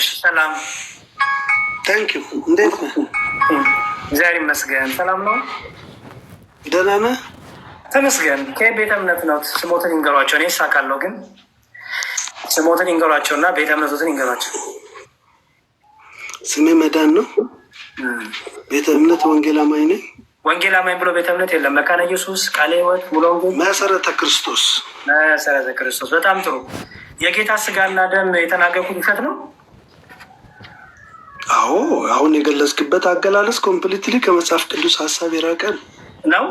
ሰላም ታንኪ እንዴት ነህ? እግዚአብሔር ይመስገን። ሰላም ነው። ደህና ነህ? ተመስገን። ከቤተ እምነት ነው። ስሞትን ይንገሯቸው። እኔ እሳካለሁ፣ ግን ስሞትን ይንገሯቸው እና ቤተ እምነቶትን ይንገሯቸው። ስሜ መዳን ነው። ቤተ እምነት ወንጌላማኝ ነኝ። ብሎ ቤተ እምነት የለም። መካነ ኢየሱስ፣ ቃለ ሕይወት፣ ሙሉ ወንጌል፣ መሰረተ ክርስቶስ፣ መሰረተ ክርስቶስ። በጣም ጥሩ። የጌታ ስጋና ደም የተናገርኩት ውሸት ነው አዎ አሁን የገለጽክበት አገላለጽ ኮምፕሊትሊ ከመጽሐፍ ቅዱስ ሀሳብ የራቀ ነው።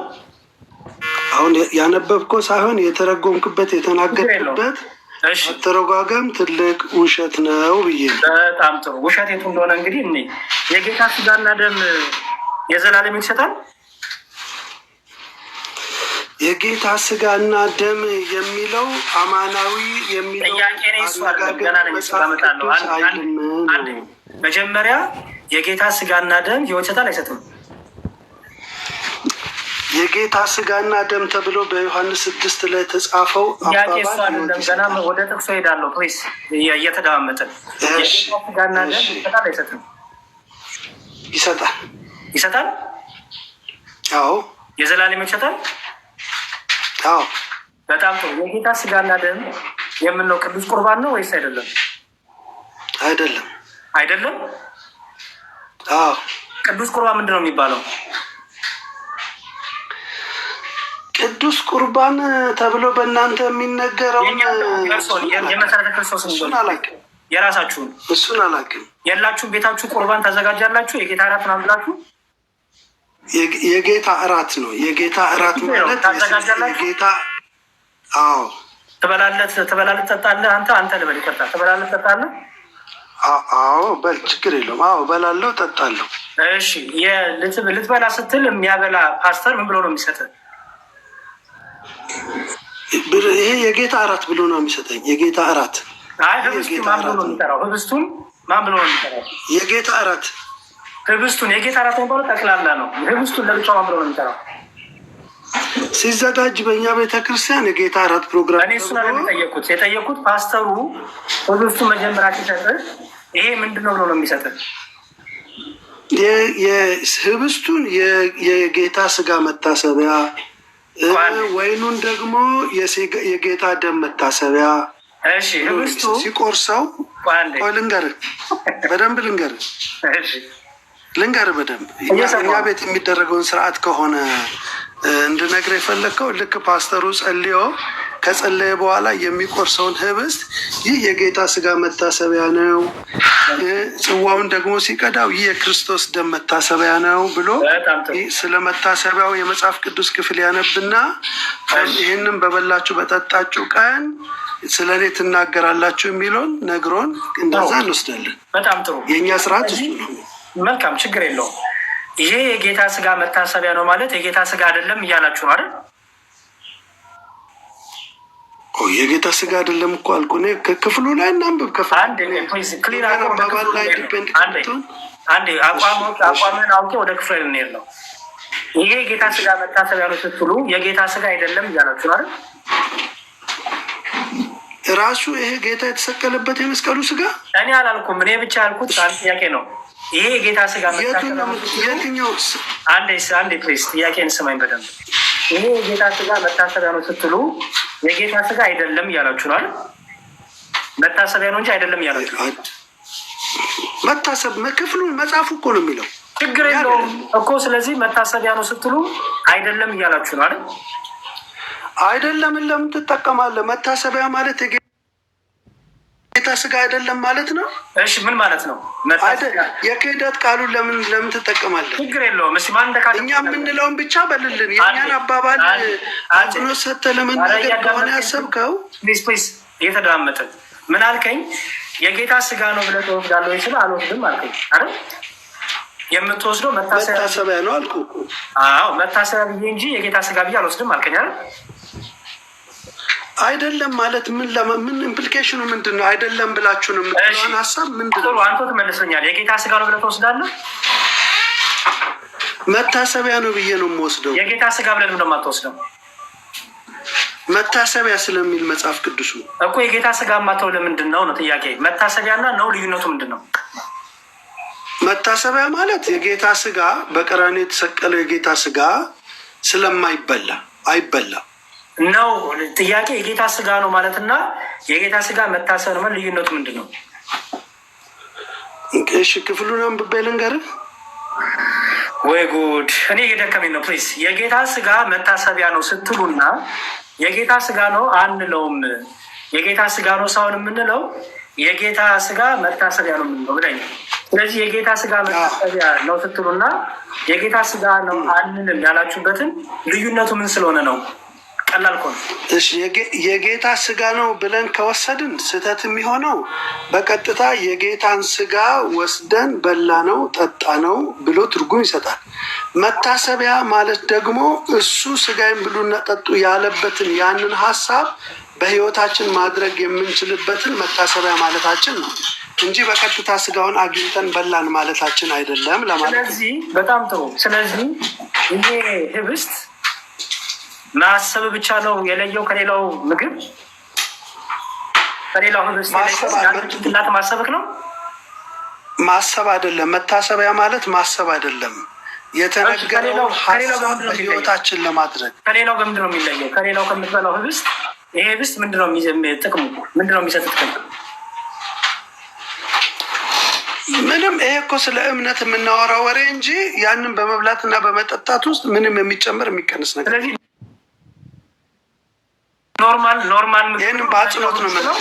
አሁን ያነበብከው ሳይሆን የተረጎምክበት የተናገርክበት አተረጓገም ትልቅ ውሸት ነው ብዬ። በጣም ጥሩ ውሸት የቱ እንደሆነ እንግዲህ እኔ የጌታ ስጋና ደም የዘላለም ይሰጣል። የጌታ ስጋና ደም የሚለው አማናዊ የሚለው ጥያቄ አንድ አንድ መጀመሪያ የጌታ ስጋና ደም ሕይወት ይሰጣል አይሰጥም? የጌታ ስጋና ደም ተብሎ በዮሐንስ ስድስት ላይ ተጻፈው ገና ወደ ጥቅሶ ሄዳለሁ። ፕሊስ እየተደማመጥን ስጋና ደም ይሰጣል አይሰጥም? ይሰጣል። ይሰጣል? አዎ። የዘላለም ይሰጣል? አዎ። በጣም ጥሩ። የጌታ ስጋና ደም የምንለው ቅዱስ ቁርባን ነው ወይስ አይደለም? አይደለም። አይደለም። ቅዱስ ቁርባን ምንድን ነው የሚባለው? ቅዱስ ቁርባን ተብሎ በእናንተ የሚነገረው የመሰረተ ክርስቶስ የራሳችሁን እሱን አላውቅም። የላችሁም ቤታችሁ ቁርባን ታዘጋጃላችሁ። የጌታ እራት ምናምን ብላችሁ የጌታ እራት ነው። የጌታ እራት ማለትጌታ ጌታ አዎ፣ ትበላለህ፣ ትበላለህ፣ ትጠጣለህ። አንተ አንተ ልበል ይቀርታል። ትበላለህ፣ ትጠጣለህ አዎ በል ችግር የለውም። አዎ በላለው ጠጣለሁ። እሺ ልትበላ ስትል የሚያበላ ፓስተር ምን ብሎ ነው የሚሰጠን? ይሄ የጌታ እራት ብሎ ነው የሚሰጠኝ። የጌታ እራት ህብስቱን ማን ብሎ ነው የሚጠራው? የጌታ እራት ህብስቱን የጌታ እራት የሚባለው ጠቅላላ ነው። ህብስቱን ለብቻው ማን ብሎ ነው የሚጠራው? ሲዘጋጅ በእኛ ቤተክርስቲያን የጌታ እራት ፕሮግራም እኔ እሱን የጠየቁት የጠየቁት ፓስተሩ ህብስቱ መጀመሪያ ሲሰጥ ይሄ ምንድን ነው ብሎ ነው የሚሰጥን የህብስቱን የጌታ ስጋ መታሰቢያ ወይኑን ደግሞ የጌታ ደም መታሰቢያ ሲቆርሰው ልንገር፣ በደንብ ልንገር ልንገር በደንብ እኛ ቤት የሚደረገውን ስርዓት ከሆነ እንድነግር የፈለግከው ልክ ፓስተሩ ጸልዮ ከጸለየ በኋላ የሚቆርሰውን ህብስት ይህ የጌታ ስጋ መታሰቢያ ነው፣ ጽዋውን ደግሞ ሲቀዳው ይህ የክርስቶስ ደም መታሰቢያ ነው ብሎ ስለ መታሰቢያው የመጽሐፍ ቅዱስ ክፍል ያነብና ይህንም በበላችሁ በጠጣችሁ ቀን ስለ እኔ ትናገራላችሁ የሚለውን ነግሮን እንደዛ እንወስዳለን። የእኛ ስርዓት ነው። መልካም ችግር የለውም። ይሄ የጌታ ስጋ መታሰቢያ ነው ማለት የጌታ ስጋ አይደለም እያላችሁ ነው አይደል? የጌታ ስጋ አይደለም እኮ አልኩ። እኔ ከክፍሉ ላይ እናንብብ። አቋምህን አውቄ ወደ ክፍል ልንሄድ ነው። ይሄ የጌታ ስጋ መታሰቢያ ነው ስትሉ የጌታ ስጋ አይደለም እያላችሁ አይደል? ራሱ ይሄ ጌታ የተሰቀለበት የመስቀሉ ስጋ እኔ አላልኩም። እኔ ብቻ ያልኩት አንድ ጥያቄ ነው። ይሄ የጌታ ስጋ የትኛው? አንዴ አንዴ ፕሊስ ጥያቄን ስማኝ በደንብ። ይሄ የጌታ ስጋ መታሰቢያ ነው ስትሉ የጌታ ስጋ አይደለም እያላችሁ ነው። መታሰቢያ ነው እንጂ አይደለም እያላችሁ መታሰብ ክፍሉን መጽሐፉ እኮ ነው የሚለው ችግር የለውም እኮ። ስለዚህ መታሰቢያ ነው ስትሉ አይደለም እያላችሁ ነው አይደል? አይደለም። ለምን ትጠቀማለህ? መታሰቢያ ማለት የጌታ ስጋ አይደለም ማለት ነው። እሺ ምን ማለት ነው? የክህደት ቃሉን ለምን ለምን ትጠቀማለህ? ችግር የለውም። እሺ ማን እንደካ እኛ የምንለውን ብቻ በልልን። የእኛን አባባል አጽኖ ሰጥተህ ለመናገር ከሆነ ያሰብከው ፕሊዝ ምን አልከኝ? የጌታ ስጋ ነው ብለህ ትወስዳለህ ይችል አልወስድም አልከኝ አይደል? የምትወስደው መታሰቢያ ነው አልኩ። አዎ መታሰቢያ ብዬ እንጂ የጌታ ስጋ ብዬ አልወስድም አልከኝ አይደል? አይደለም ማለት ምን ለምን ኢምፕሊኬሽኑ ምንድን ነው? አይደለም ብላችሁ ነው የምትለውን ሀሳብ ምንድን ነው? አንተ ትመልሰኛል። የጌታ ስጋ ነው ብለህ ትወስዳለህ። መታሰቢያ ነው ብዬ ነው የምወስደው። የጌታ ስጋ ብለህ ነው የማትወስደው። መታሰቢያ ስለሚል መጽሐፍ ቅዱሱ እኮ የጌታ ስጋ ማተው ለምንድን ነው ነው ጥያቄ። መታሰቢያና ነው ልዩነቱ ምንድን ነው? መታሰቢያ ማለት የጌታ ስጋ በቀራኔ የተሰቀለው የጌታ ስጋ ስለማይበላ አይበላም ነው ጥያቄ የጌታ ስጋ ነው ማለት እና የጌታ ስጋ መታሰር ምን ልዩነቱ ምንድን ነው? እሺ ክፍሉን አንብቤ ልንገርህ። ወይ ጉድ! እኔ እየደከመኝ ነው። ፕሊስ የጌታ ስጋ መታሰቢያ ነው ስትሉና የጌታ ስጋ ነው አንለውም። የጌታ ስጋ ነው ሳይሆን የምንለው የጌታ ስጋ መታሰቢያ ነው የምንለው ብለኝ። ስለዚህ የጌታ ስጋ መታሰቢያ ነው ስትሉና የጌታ ስጋ ነው አንልም ያላችሁበትን ልዩነቱ ምን ስለሆነ ነው? የጌታ ስጋ ነው ብለን ከወሰድን ስህተት የሚሆነው በቀጥታ የጌታን ስጋ ወስደን በላ ነው ጠጣ ነው ብሎ ትርጉም ይሰጣል። መታሰቢያ ማለት ደግሞ እሱ ስጋይን ብሉና ጠጡ ያለበትን ያንን ሀሳብ በህይወታችን ማድረግ የምንችልበትን መታሰቢያ ማለታችን ነው እንጂ በቀጥታ ስጋውን አግኝተን በላን ማለታችን አይደለም ለማለት። ስለዚህ በጣም ጥሩ። ስለዚህ ይሄ ህብስት ማሰብ ብቻ ነው የለየው ከሌላው ምግብ ከሌላው ጭንቅላት ማሰብክ ነው። ማሰብ አይደለም። መታሰቢያ ማለት ማሰብ አይደለም። የተነገረው ህይወታችን ለማድረግ ከሌላው በምንድን ነው የሚለየው? ከሌላው ከምትበላው ህብስት ይሄ ህብስት ምንድነው ነው ጥቅሙ? ምንድን የሚሰጥ ጥቅም? ምንም። ይሄ እኮ ስለ እምነት የምናወራው ወሬ እንጂ ያንን በመብላትና በመጠጣት ውስጥ ምንም የሚጨምር የሚቀንስ ነገር ኖርማል ኖርማል ይህንም በአጽኖት ነው ምለው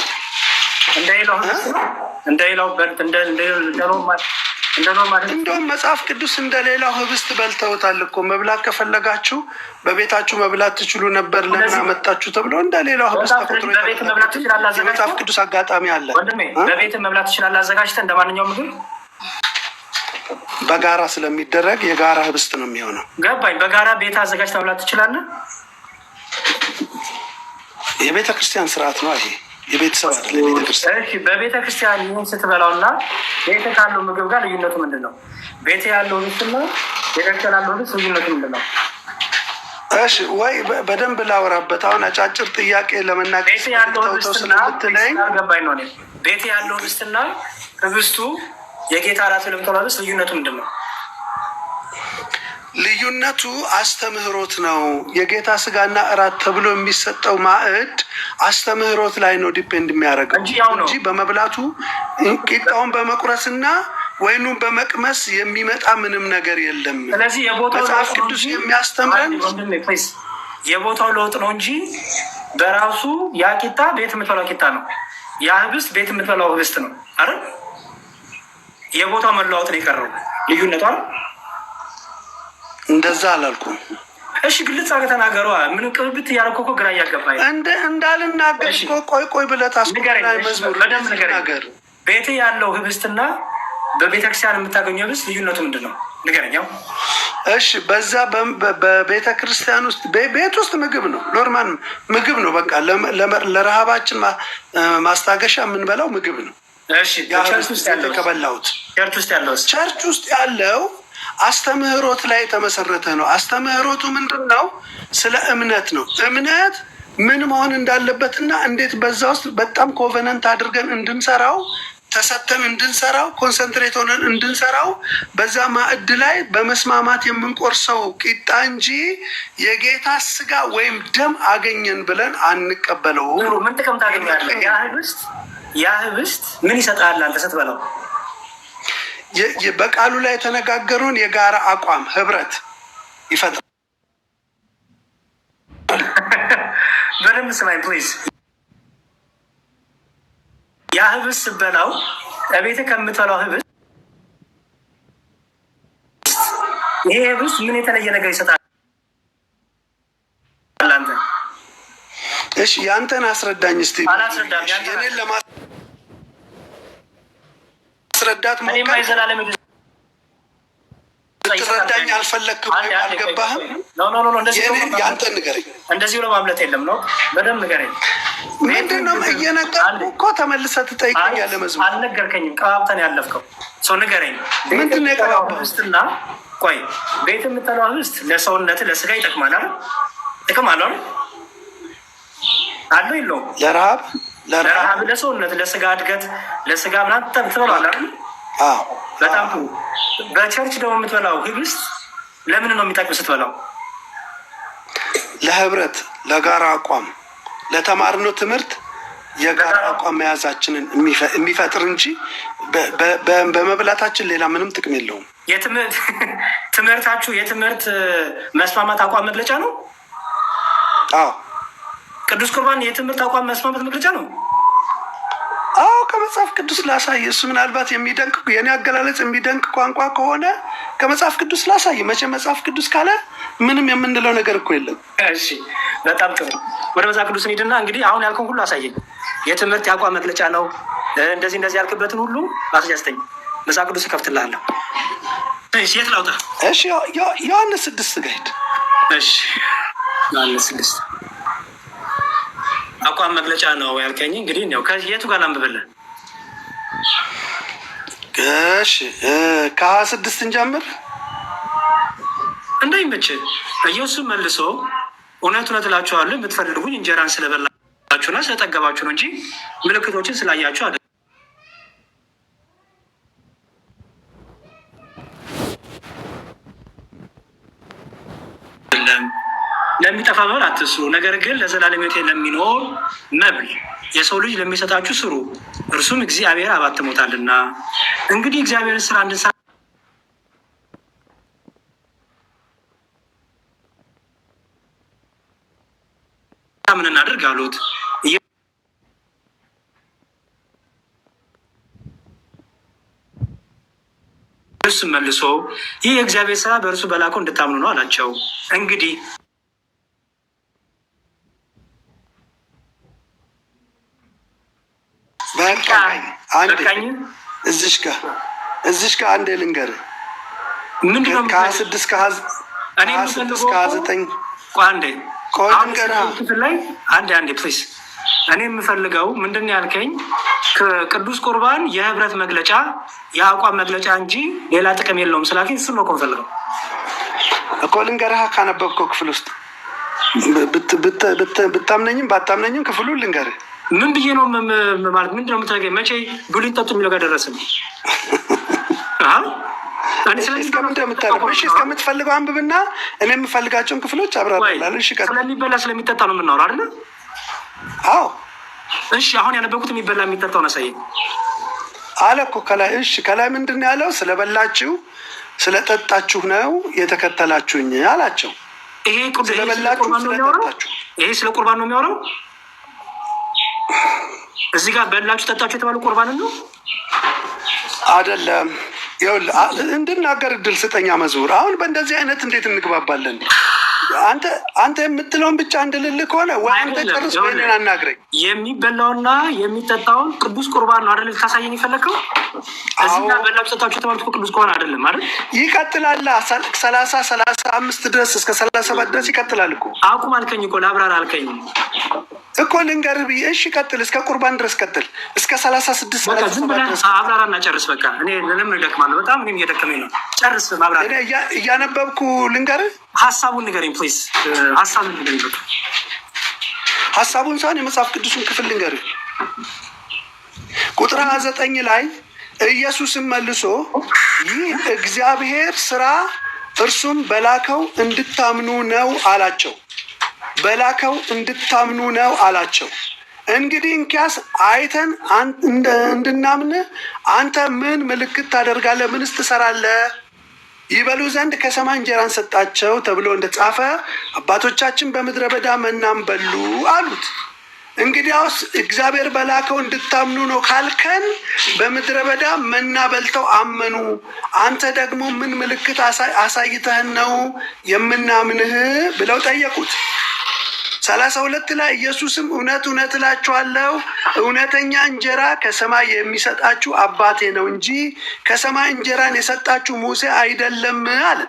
እንደውም መጽሐፍ ቅዱስ እንደሌላው ህብስት በልተውታል እኮ መብላት ከፈለጋችሁ በቤታችሁ መብላት ትችሉ ነበር፣ ለምን አመጣችሁ ተብሎ እንደሌላው ህብስት ተቆጥሮ የመጽሐፍ ቅዱስ አጋጣሚ አለ። በቤት መብላት ትችላለህ አዘጋጅተህ እንደ ማንኛውም ምግብ በጋራ ስለሚደረግ የጋራ ህብስት ነው የሚሆነው። ገባኝ። በጋራ ቤት አዘጋጅተህ መብላት ትችላለህ። የቤተ ክርስቲያን ስርዓት ነው ይሄ። የቤተሰብ በቤተ ክርስቲያን ይህን ስትበላው እና ቤተ ካለው ምግብ ጋር ልዩነቱ ምንድን ነው? ቤተ ያለው ልብስና ቤተክርስቲያን ያለው ልብስ ልዩነቱ ምንድን ነው? እሺ ወይ በደንብ ላውራበት። አሁን አጫጭር ጥያቄ ለመናገር ተውተው ስለምትለኝ ገባኝ ነው። ቤት ያለው ልብስና ህብስቱ የጌታ ራት ልብስ ልዩነቱ ምንድን ነው? ልዩነቱ አስተምህሮት ነው። የጌታ ስጋና እራት ተብሎ የሚሰጠው ማዕድ አስተምህሮት ላይ ነው ዲፔንድ የሚያደርገው እንጂ በመብላቱ ቂጣውን በመቁረስና ወይኑን በመቅመስ የሚመጣ ምንም ነገር የለም። ስለዚህ መጽሐፍ ቅዱስ የሚያስተምረን የቦታው ለውጥ ነው እንጂ በራሱ ያ ቂጣ ቤት የምትበላው ቂጣ ነው። ያ ህብስት ቤት የምትበላው ህብስት ነው። አረ የቦታው መለዋወጥ ነው የቀረው ልዩነቱ እንደዛ አላልኩም። እሺ ግልጽ አድርገህ ተናገረዋ። ምን ቅብብት እያደረኩ እኮ ግራ እያገባኝ እንዳልናገር ቆይ ቆይ ብለህ ታስገር። ቤቴ ያለው ህብስትና በቤተክርስቲያን የምታገኘው ህብስት ልዩነቱ ምንድን ነው? ንገረኛው። እሺ በዛ በቤተ ክርስቲያን ውስጥ ቤት ውስጥ ምግብ ነው፣ ኖርማል ምግብ ነው። በቃ ለረሃባችን ማስታገሻ የምንበላው ምግብ ነው። ቸርች ውስጥ ያለው ቸርች ውስጥ ያለው አስተምህሮት ላይ የተመሰረተ ነው። አስተምህሮቱ ምንድን ነው? ስለ እምነት ነው። እምነት ምን መሆን እንዳለበትና እንዴት በዛ ውስጥ በጣም ኮቨነንት አድርገን እንድንሰራው ተሰተን እንድንሰራው ኮንሰንትሬት ሆነን እንድንሰራው በዛ ማዕድ ላይ በመስማማት የምንቆርሰው ቂጣ እንጂ የጌታ ስጋ ወይም ደም አገኘን ብለን አንቀበለው። ምን ጥቅም ታገኛለህ? ያ ህብስት ምን ይሰጣል? አንተ ስትበላው በቃሉ ላይ የተነጋገሩን የጋራ አቋም ህብረት ይፈጥራል። በደንብ ስማኝ ፕሊዝ። ያ ህብስ በላው ቤተ ከምትበላው ህብስ ይሄ ህብስ ምን የተለየ ነገር ይሰጣል? እሺ፣ ያንተን አስረዳኝ እስቲ። አላስረዳም። ለማስረዳት ልትረዳኝ አልፈለግክም ወይም አልገባህም? የአንተ ንገረኝ። እንደዚህ ብሎ ማምለት የለም ነው። በደንብ ንገረኝ። ምንድን ነው እየነገርኩህ እኮ ተመልሰህ ትጠይቀኛለህ። መዝሙር አልነገርከኝም። ቀባብተን ያለፍከው ሰው ንገረኝ። ምንድን ነው የቀባብህ? ቆይ ቤት የምትለው ህብስት ለሰውነት ለስጋ ይጠቅማል። ጥቅም አለ አለው የለውም? ለረሃብ ለረሃብ፣ ለሰውነት፣ ለስጋ እድገት፣ ለስጋ ምናምን ትበላዋል በጣም በቸርች ደግሞ የምትበላው ህብስት ለምን ነው የሚጠቅም ስትበላው? ለህብረት፣ ለጋራ አቋም፣ ለተማርነው ትምህርት የጋራ አቋም መያዛችንን የሚፈጥር እንጂ በመብላታችን ሌላ ምንም ጥቅም የለውም። ትምህርታችሁ የትምህርት መስማማት አቋም መግለጫ ነው። አዎ ቅዱስ ቁርባን የትምህርት አቋም መስማመት መግለጫ ነው። አዎ ከመጽሐፍ ቅዱስ ላሳይ። እሱ ምናልባት የሚደንቅ የኔ አገላለጽ የሚደንቅ ቋንቋ ከሆነ ከመጽሐፍ ቅዱስ ላሳይ። መቼ መጽሐፍ ቅዱስ ካለ ምንም የምንለው ነገር እኮ የለም። እሺ፣ በጣም ጥሩ። ወደ መጽሐፍ ቅዱስ እንሂድና እንግዲህ አሁን ያልከውን ሁሉ አሳየኝ። የትምህርት የአቋም መግለጫ ነው እንደዚህ እንደዚህ ያልክበትን ሁሉ ማስጃስተኝ መጽሐፍ ቅዱስ እከፍትልሃለሁ። የት ላውጣ? እሺ፣ ዮሐንስ ስድስት ጋሄድ። እሺ፣ ዮሐንስ ስድስት አቋም መግለጫ ነው ያልከኝ። እንግዲህ ው ከየቱ ጋር ላንብብልህ? እሺ ከሀያ ስድስት እንጀምር እንዳይመችህ። ኢየሱስ መልሶ እውነት እውነት እላችኋለሁ የምትፈልጉኝ እንጀራን ስለበላችሁና ስለጠገባችሁ ነው እንጂ ምልክቶችን ስላያችሁ አለ ለሚጠፋ መብል አትስሩ፣ ነገር ግን ለዘላለም ሕይወት ለሚኖር መብል የሰው ልጅ ለሚሰጣችሁ ስሩ፣ እርሱም እግዚአብሔር አባት እንግዲህ እግዚአብሔርን ስራ እንድንሰራ ምን እናድርግ አሉት። እርሱም መልሶ ይህ የእግዚአብሔር ስራ በእርሱ በላኮ እንድታምኑ ነው አላቸው። እንግዲህ አንድ እዚሽ እዚሽ ከሀያ ስድስት ከሀያ ስድስት ከሀያ ዘጠኝ ቆይ ልንገርህ ላይ አንዴ አንዴ ፕሊስ እኔ የምፈልገው ምንድን ነው ያልከኝ? ቅዱስ ቁርባን የህብረት መግለጫ የአቋም መግለጫ እንጂ ሌላ ጥቅም የለውም ስላልከኝ እሱን ነው ፈልገው የምፈልገው እኮ ልንገርህ። ካነበብከው ክፍል ውስጥ ብታምነኝም ባታምነኝም ክፍሉ ልንገርህ ምን ብዬ ነው ማለት ምንድን ነው የምትነግረኝ? መቼ ብሉይ ጠጡ የሚለው ጋር ደረስን? እስከምትፈልገው አንብብና እኔ የምፈልጋቸውን ክፍሎች አብራራለሁ። ስለሚበላ ስለሚጠጣ ነው የምናወራው አይደለ? አዎ። እሺ፣ አሁን ያነበብኩት የሚበላ የሚጠጣውን አሳየኝ አለ እኮ ከላይ። እሺ፣ ከላይ ምንድን ነው ያለው? ስለበላችሁ ስለጠጣችሁ ነው የተከተላችሁኝ አላቸው። ይሄ ስለበላችሁ ስለጠጣችሁ፣ ይሄ ስለ ቁርባን ነው የሚያወራው እዚህ ጋር በላችሁ ጠጣችሁ የተባሉ ቁርባን ነው አይደለም? ይኸውልህ እንድናገር እድል ስጠኛ መዝሙር አሁን በእንደዚህ አይነት እንዴት እንግባባለን? አንተ አንተ የምትለውን ብቻ እንድልል ከሆነ ወይ አንተ ጨርስ፣ ወይንን አናግረኝ። የሚበላውና የሚጠጣውን ቅዱስ ቁርባን ነው አይደል? ልታሳየኝ የፈለግከው እዚህ በላ ሰጣችሁ የተባሉት ቅዱስ ቁርባን አይደለም አይደል? ይቀጥላል። ሰላሳ ሰላሳ አምስት ድረስ እስከ ሰላሳ ሰባት ድረስ ይቀጥላል እኮ። አቁም አልከኝ እኮ ለአብራር አልከኝ እኮ ልንገርህ ብዬ። እሺ ቀጥል፣ እስከ ቁርባን ድረስ ቀጥል፣ እስከ ሰላሳ ስድስት ዝም ብለህ አብራራ እና ጨርስ። በቃ እኔ ለምን እደክማለሁ? በጣም እኔም እየደከመኝ ነው። ጨርስ ማብራ እያነበብኩ ልንገርህ ሀሳቡን ንገረኝ ፕሊዝ። ሀሳቡን ንገረኝ በቃ ሀሳቡን ሳን የመጽሐፍ ቅዱሱን ክፍል ንገረኝ። ቁጥር ሀያ ዘጠኝ ላይ ኢየሱስን መልሶ ይህ እግዚአብሔር ስራ እርሱም በላከው እንድታምኑ ነው አላቸው። በላከው እንድታምኑ ነው አላቸው። እንግዲህ እንኪያስ አይተን እንድናምን አንተ ምን ምልክት ታደርጋለህ? ምንስ ትሰራለህ ይበሉ ዘንድ ከሰማይ እንጀራን ሰጣቸው ተብሎ እንደተጻፈ አባቶቻችን በምድረ በዳ መናን በሉ አሉት። እንግዲያውስ እግዚአብሔር በላከው እንድታምኑ ነው ካልከን፣ በምድረ በዳ መና በልተው አመኑ። አንተ ደግሞ ምን ምልክት አሳይተህን ነው የምናምንህ ብለው ጠየቁት። ሰላሳ ሁለት ላይ ኢየሱስም እውነት እውነት እላችኋለሁ እውነተኛ እንጀራ ከሰማይ የሚሰጣችሁ አባቴ ነው እንጂ ከሰማይ እንጀራን የሰጣችሁ ሙሴ አይደለም አለ።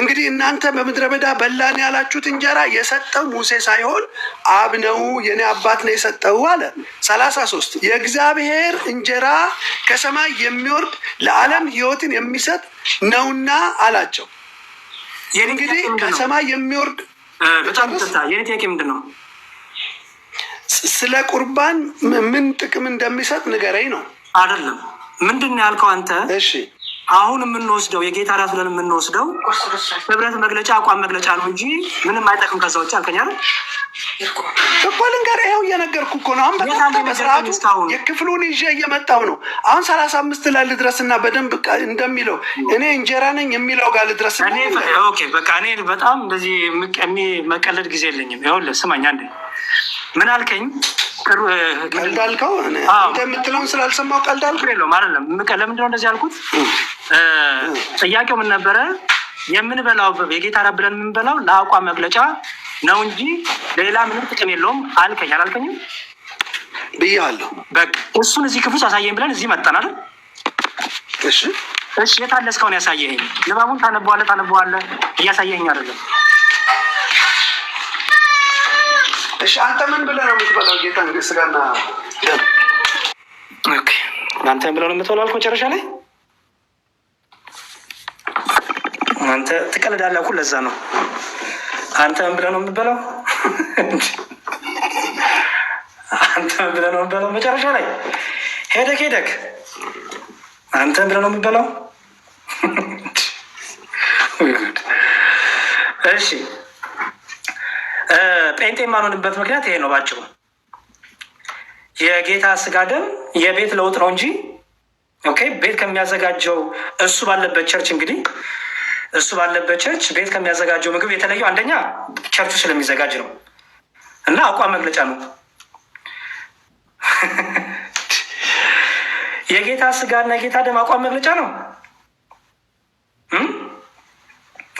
እንግዲህ እናንተ በምድረ በዳ በላን ያላችሁት እንጀራ የሰጠው ሙሴ ሳይሆን አብ ነው፣ የኔ አባት ነው የሰጠው አለ። ሰላሳ ሶስት የእግዚአብሔር እንጀራ ከሰማይ የሚወርድ ለዓለም ሕይወትን የሚሰጥ ነውና አላቸው። እንግዲህ ከሰማይ የሚወርድ በጣም ይቅርታ፣ የኔ ጥያቄ ምንድን ነው? ስለ ቁርባን ምን ጥቅም እንደሚሰጥ ንገረኝ ነው። አይደለም ምንድን ነው ያልከው አንተ? እሺ አሁን የምንወስደው የጌታ ራት ብለን የምንወስደው ህብረት መግለጫ አቋም መግለጫ ነው እንጂ ምንም አይጠቅም። ከዛ ውጭ አልከኛል እኮ ልንገርህ፣ ይኸው እየነገርኩ እኮ ነው። አሁን የክፍሉን ይዤ እየመጣሁ ነው። አሁን ሰላሳ አምስት ላይ ልድረስ እና በደንብ እንደሚለው እኔ እንጀራ ነኝ የሚለው ጋር ልድረስ። በቃ እኔ በጣም እንደዚህ መቀለድ ጊዜ የለኝም። ይኸውልህ ስማኝ አንዴ ምን አልከኝ? ቀልድ አልከው እንደምትለውን ስላልሰማው ቀልድ አልከው። የለውም አይደለም። ለምንድን ነው እንደዚህ ያልኩት? ጥያቄው ምን ነበረ? የምንበላው የጌታ ረብ ብለን የምንበላው ለአቋም መግለጫ ነው እንጂ ሌላ ምንም ጥቅም የለውም አልከኝ። አላልከኝም ብያለሁ። በቃ እሱን እዚህ ክፍል ውስጥ አሳየኝ ብለን እዚህ መጠን መጠናል። እሺ እሺ፣ የታለ እስካሁን ያሳየኝ? ንባቡን ታነበዋለህ ታነበዋለህ፣ እያሳየኝ አይደለም እሺ አንተ ምን ብለህ ነው የምትበላው? ጌታ እንግዲህ ስጋና አንተ ብለው ነው የምትበላው አልኩህ። መጨረሻ ላይ አንተ ትቀልዳለህ እኮ ለዛ ነው አንተ ምን ብለህ ነው የምትበላው? አንተ ምን ብለህ ነው የምትበላው? መጨረሻ ላይ ሄደክ ሄደክ አንተ ምን ብለህ ነው የምትበላው? Oh እሺ ጴንጤ የማንሆንበት ምክንያት ይሄ ነው ባጭሩ። የጌታ ስጋ ደም የቤት ለውጥ ነው እንጂ ኦኬ፣ ቤት ከሚያዘጋጀው እሱ ባለበት ቸርች እንግዲህ እሱ ባለበት ቸርች ቤት ከሚያዘጋጀው ምግብ የተለየው አንደኛ ቸርቹ ስለሚዘጋጅ ነው እና አቋም መግለጫ ነው። የጌታ እና የጌታ ደም አቋም መግለጫ ነው።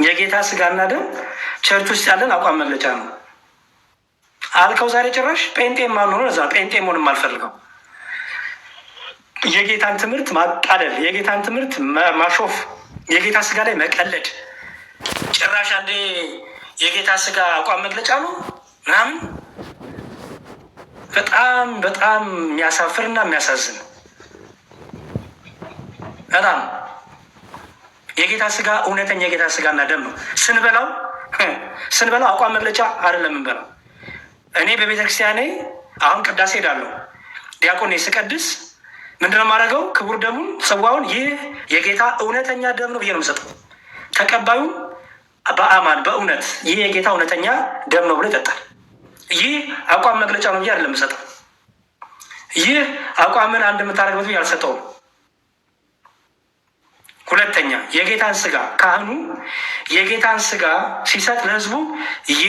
የጌታ ስጋ እና ደም ቸርች ውስጥ ያለን አቋም መግለጫ ነው። አልከው ዛሬ ጭራሽ ጴንጤ ማንሆነ እዛ ጴንጤ መሆንም አልፈልገው። የጌታን ትምህርት ማቃለል፣ የጌታን ትምህርት ማሾፍ፣ የጌታ ስጋ ላይ መቀለድ ጭራሽ አንዴ የጌታ ስጋ አቋም መግለጫ ነው ምናምን በጣም በጣም የሚያሳፍርና የሚያሳዝን በጣም የጌታ ስጋ እውነተኛ የጌታ ስጋና ደም ነው። ስንበላው ስንበላው አቋም መግለጫ አይደለም ምንበላው እኔ በቤተክርስቲያኔ አሁን ቅዳሴ ሄዳለሁ። ዲያቆኔ ስቀድስ ምንድን ነው የማደርገው? ክቡር ደሙን ጽዋውን፣ ይህ የጌታ እውነተኛ ደም ነው ብዬ ነው የምሰጠው። ተቀባዩም በአማን በእውነት ይህ የጌታ እውነተኛ ደም ነው ብሎ ይጠጣል። ይህ አቋም መግለጫ ነው ብዬ አይደለም የምሰጠው። ይህ አቋምን አንድ የምታደርግበት ብዬ አልሰጠውም። ሁለተኛ የጌታን ስጋ ካህኑ የጌታን ስጋ ሲሰጥ ለህዝቡ ይህ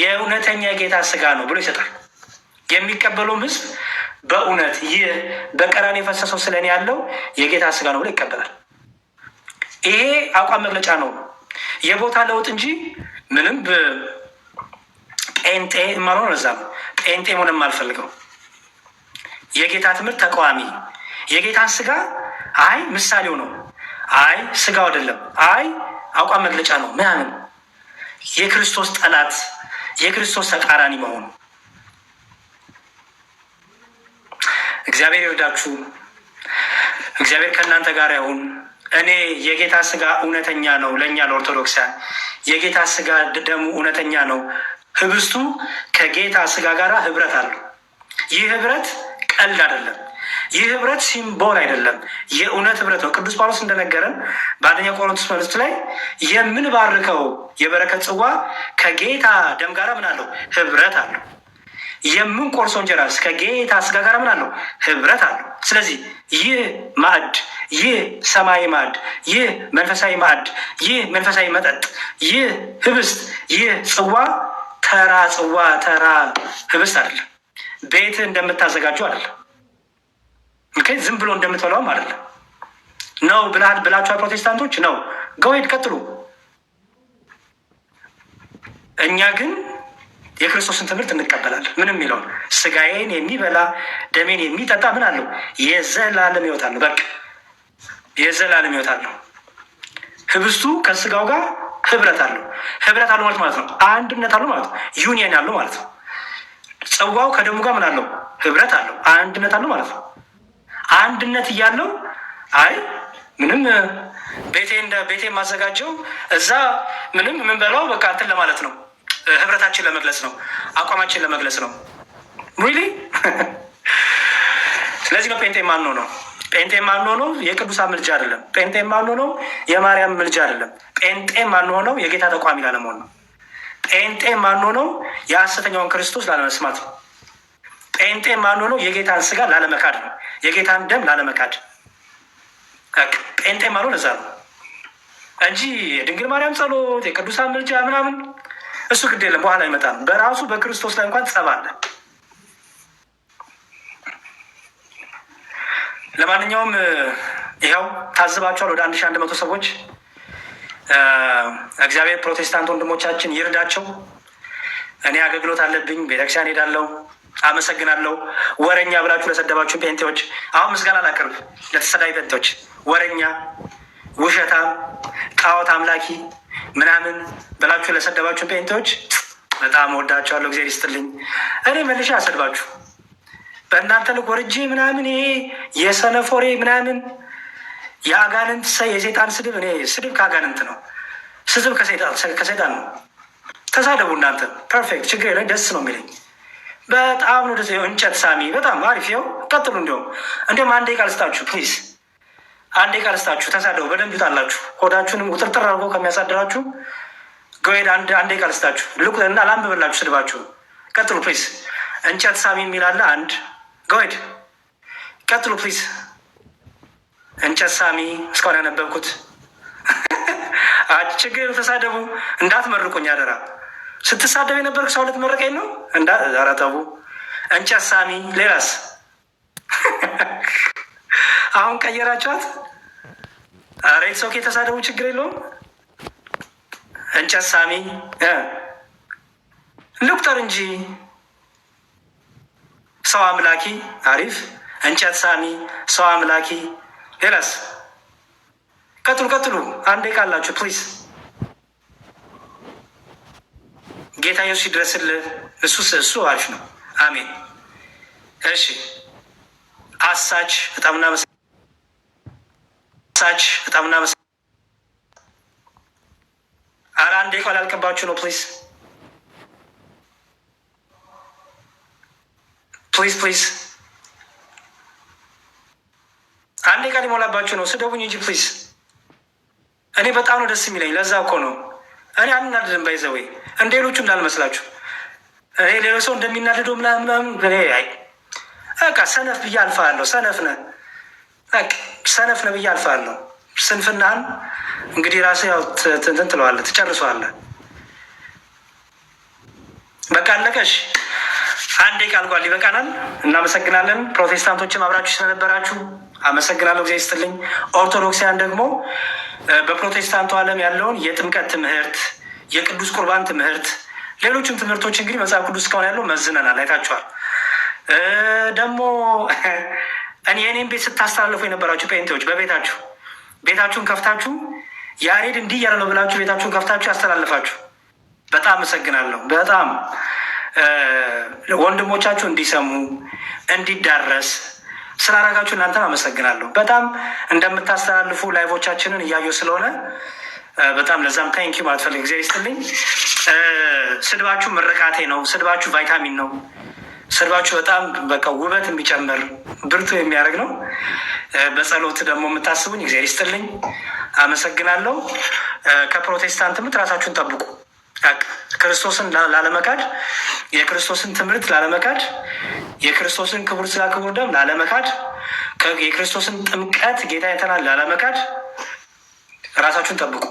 የእውነተኛ የጌታ ስጋ ነው ብሎ ይሰጣል። የሚቀበለውም ህዝብ በእውነት ይህ በቀራን የፈሰሰው ስለ እኔ ያለው የጌታ ስጋ ነው ብሎ ይቀበላል። ይሄ አቋም መግለጫ ነው፣ የቦታ ለውጥ እንጂ ምንም ጴንጤ ማለ እዛ ነው። ጴንጤ መሆን የማልፈልገው የጌታ ትምህርት ተቃዋሚ የጌታን ስጋ አይ ምሳሌው ነው አይ ስጋው አይደለም፣ አይ አቋም መግለጫ ነው ምናምን የክርስቶስ ጠላት የክርስቶስ ተቃራኒ መሆኑ እግዚአብሔር ይወዳችሁ። እግዚአብሔር ከእናንተ ጋር ይሁን። እኔ የጌታ ስጋ እውነተኛ ነው፣ ለእኛ ለኦርቶዶክሳን የጌታ ስጋ ደሙ እውነተኛ ነው። ህብስቱ ከጌታ ስጋ ጋር ህብረት አለው። ይህ ህብረት ቀልድ አይደለም። ይህ ህብረት ሲምቦል አይደለም፣ የእውነት ህብረት ነው። ቅዱስ ጳውሎስ እንደነገረን በአንደኛ ቆሮንቶስ መልእክት ላይ የምንባርከው የበረከት ጽዋ ከጌታ ደም ጋር ምን አለው? ህብረት አለው። የምንቆርሰው እንጀራስ ከጌታ ስጋ ጋር ምን አለው? ህብረት አለው። ስለዚህ ይህ ማዕድ፣ ይህ ሰማያዊ ማዕድ፣ ይህ መንፈሳዊ ማዕድ፣ ይህ መንፈሳዊ መጠጥ፣ ይህ ህብስት፣ ይህ ጽዋ ተራ ጽዋ ተራ ህብስት አይደለም። ቤት እንደምታዘጋጁ አይደለም። ዝም ብሎ እንደምትበላውም አይደለም። ነው ብልሃል ብላችኋል ፕሮቴስታንቶች ነው ገውሄድ ቀጥሉ። እኛ ግን የክርስቶስን ትምህርት እንቀበላለን። ምንም የሚለውን ስጋዬን የሚበላ ደሜን የሚጠጣ ምን አለው የዘላለም ሕይወት አለው። በቃ የዘላለም ሕይወት አለው። ህብስቱ ከስጋው ጋር ህብረት አለው። ህብረት አለው ማለት ማለት ነው አንድነት አለው ማለት ነው ዩኒየን አለው ማለት ነው። ጽዋው ከደሙ ጋር ምን አለው ህብረት አለው አንድነት አለው ማለት ነው። አንድነት እያለው አይ ምንም ቤቴ እንደ ቤቴ የማዘጋጀው እዛ ምንም የምንበላው በቃ እንትን ለማለት ነው፣ ህብረታችን ለመግለጽ ነው፣ አቋማችን ለመግለጽ ነው። ሪሊ ስለዚህ ነው ጴንጤ ማን ነው? ጴንጤ ማን ሆነው የቅዱሳን ምልጃ አይደለም። ጴንጤ ማን ሆነው የማርያም ምልጃ አይደለም። ጴንጤ ማን ሆነው የጌታ ተቋሚ ላለመሆን ነው። ጴንጤ ማን ሆነው የሐሰተኛውን ክርስቶስ ላለመስማት ነው። ጴንጤ ማን ሆነው የጌታን ስጋ ላለመካድ ነው። የጌታን ደም ላለመካድ ጴንጤ ማሉ ለዛ ነው እንጂ የድንግል ማርያም ጸሎት፣ የቅዱሳን ምልጃ ምናምን እሱ ግድ የለም በኋላ ይመጣል። በራሱ በክርስቶስ ላይ እንኳን ትጸባለ። ለማንኛውም ይኸው ታዝባቸዋል። ወደ አንድ ሺ አንድ መቶ ሰዎች እግዚአብሔር ፕሮቴስታንት ወንድሞቻችን ይርዳቸው። እኔ አገልግሎት አለብኝ፣ ቤተክርስቲያን ሄዳለሁ። አመሰግናለሁ። ወረኛ ብላችሁ ለሰደባችሁ ጴንጤዎች አሁን ምስጋና ላቅርብ። ለተሰዳዊ ጴንጤዎች ወረኛ፣ ውሸታም፣ ጣዖት አምላኪ ምናምን ብላችሁ ለሰደባችሁ ጴንጤዎች በጣም ወዳቸዋለሁ። ጊዜ ይስጥልኝ። እኔ መልሼ አሰድባችሁ በእናንተ ወርጄ ምናምን ይሄ የሰነፎሬ ምናምን የአጋንንት የሴጣን ስድብ እኔ ስድብ ከአጋንንት ነው፣ ስድብ ከሰይጣን ነው። ተሳደቡ እናንተ ፐርፌክት፣ ችግር ደስ ነው የሚለኝ በጣም ነው ደስ እንጨት ሳሚ በጣም አሪፍ ው ቀጥሉ። እንዲሁም እንዲሁም አንዴ ቃል ስጣችሁ ፕሊዝ፣ አንዴ ቃል ስጣችሁ ተሳደቡ፣ በደንብ ይጣላችሁ፣ ሆዳችሁንም ቁጥርጥር አድርጎ ከሚያሳድራችሁ ገወድ አንዴ ቃል ስጣችሁ ልቁ እና ላንብብላችሁ ስድባችሁ ቀጥሉ ፕሊዝ። እንጨት ሳሚ የሚላለ አንድ ገወድ ቀጥሉ ፕሊዝ። እንጨት ሳሚ እስካሁን ያነበብኩት አችግር ተሳደቡ፣ እንዳትመርቁኝ አደራ። ስትሳደብ የነበር ሰው መረቀኝ ነው እንዳ ረጠቡ እንጨት ሳሚ ሌላስ አሁን ቀየራችኋት። ሬት ሰው የተሳደቡ ችግር የለውም። እንጨት ሳሚ ልቁጠር እንጂ ሰው አምላኪ አሪፍ። እንጨት ሳሚ ሰው አምላኪ ሌላስ? ቀጥሉ ቀጥሉ። አንዴ ቃላችሁ ፕሊዝ ጌታ ኢየሱስ ይድረስልህ። እሱ እሱ አሪፍ ነው። አሜን። እሺ አሳች በጣም እናመሰ አሳች በጣም እናመሰ አረ አንዴ ቃል አልቀባችሁ ነው። ፕሊዝ ፕሊዝ ፕሊዝ አንዴ ቃል ይሞላባችሁ ነው። ስደቡኝ እንጂ ፕሊዝ። እኔ በጣም ነው ደስ የሚለኝ። ለዛ እኮ ነው እኔ ባይዘ ወይ እንደ ሌሎቹ እንዳልመስላችሁ እኔ ሌሎች ሰው እንደሚናደደው ምናምን በቃ ሰነፍ ብዬ አልፋለሁ። ሰነፍ ነህ ሰነፍ ነህ ብዬ አልፋለሁ። ስንፍናህን እንግዲህ ራስህ ያው እንትን ትለዋለህ፣ ትጨርሰዋለህ። በቃ አለቀሽ። አንዴ ቃል ጓል ይበቃናል። እናመሰግናለን። ፕሮቴስታንቶችም አብራችሁ ስለነበራችሁ አመሰግናለሁ። ጊዜ ይስጥልኝ። ኦርቶዶክሳውያን ደግሞ በፕሮቴስታንቱ ዓለም ያለውን የጥምቀት ትምህርት፣ የቅዱስ ቁርባን ትምህርት፣ ሌሎችም ትምህርቶች እንግዲህ መጽሐፍ ቅዱስ እስካሁን ያለው መዝነናል፣ አይታችኋል። ደግሞ እኔ የኔን ቤት ስታስተላልፉ የነበራችሁ ጴንቴዎች በቤታችሁ ቤታችሁን ከፍታችሁ ያሬድ እንዲህ እያለ ነው ብላችሁ ቤታችሁን ከፍታችሁ ያስተላልፋችሁ በጣም አመሰግናለሁ። በጣም ወንድሞቻችሁ እንዲሰሙ እንዲዳረስ ስላረጋችሁ እናንተን አመሰግናለሁ። በጣም እንደምታስተላልፉ ላይቮቻችንን እያዩ ስለሆነ በጣም ለዛም ታንኪ ማለት ፈልግ ጊዜ ይስጥልኝ። ስድባችሁ ምርቃቴ ነው። ስድባችሁ ቫይታሚን ነው። ስድባችሁ በጣም በቃ ውበት የሚጨምር ብርቱ የሚያደርግ ነው። በጸሎት ደግሞ የምታስቡኝ እግዚአብሔር ይስጥልኝ። አመሰግናለሁ። ከፕሮቴስታንትም ራሳችሁን ጠብቁ። ክርስቶስን ላለመካድ የክርስቶስን ትምህርት ላለመካድ የክርስቶስን ክቡር ስጋ ክቡር ደም ላለመካድ የክርስቶስን ጥምቀት ጌታ የተናል ላለመካድ ራሳችሁን ጠብቁ።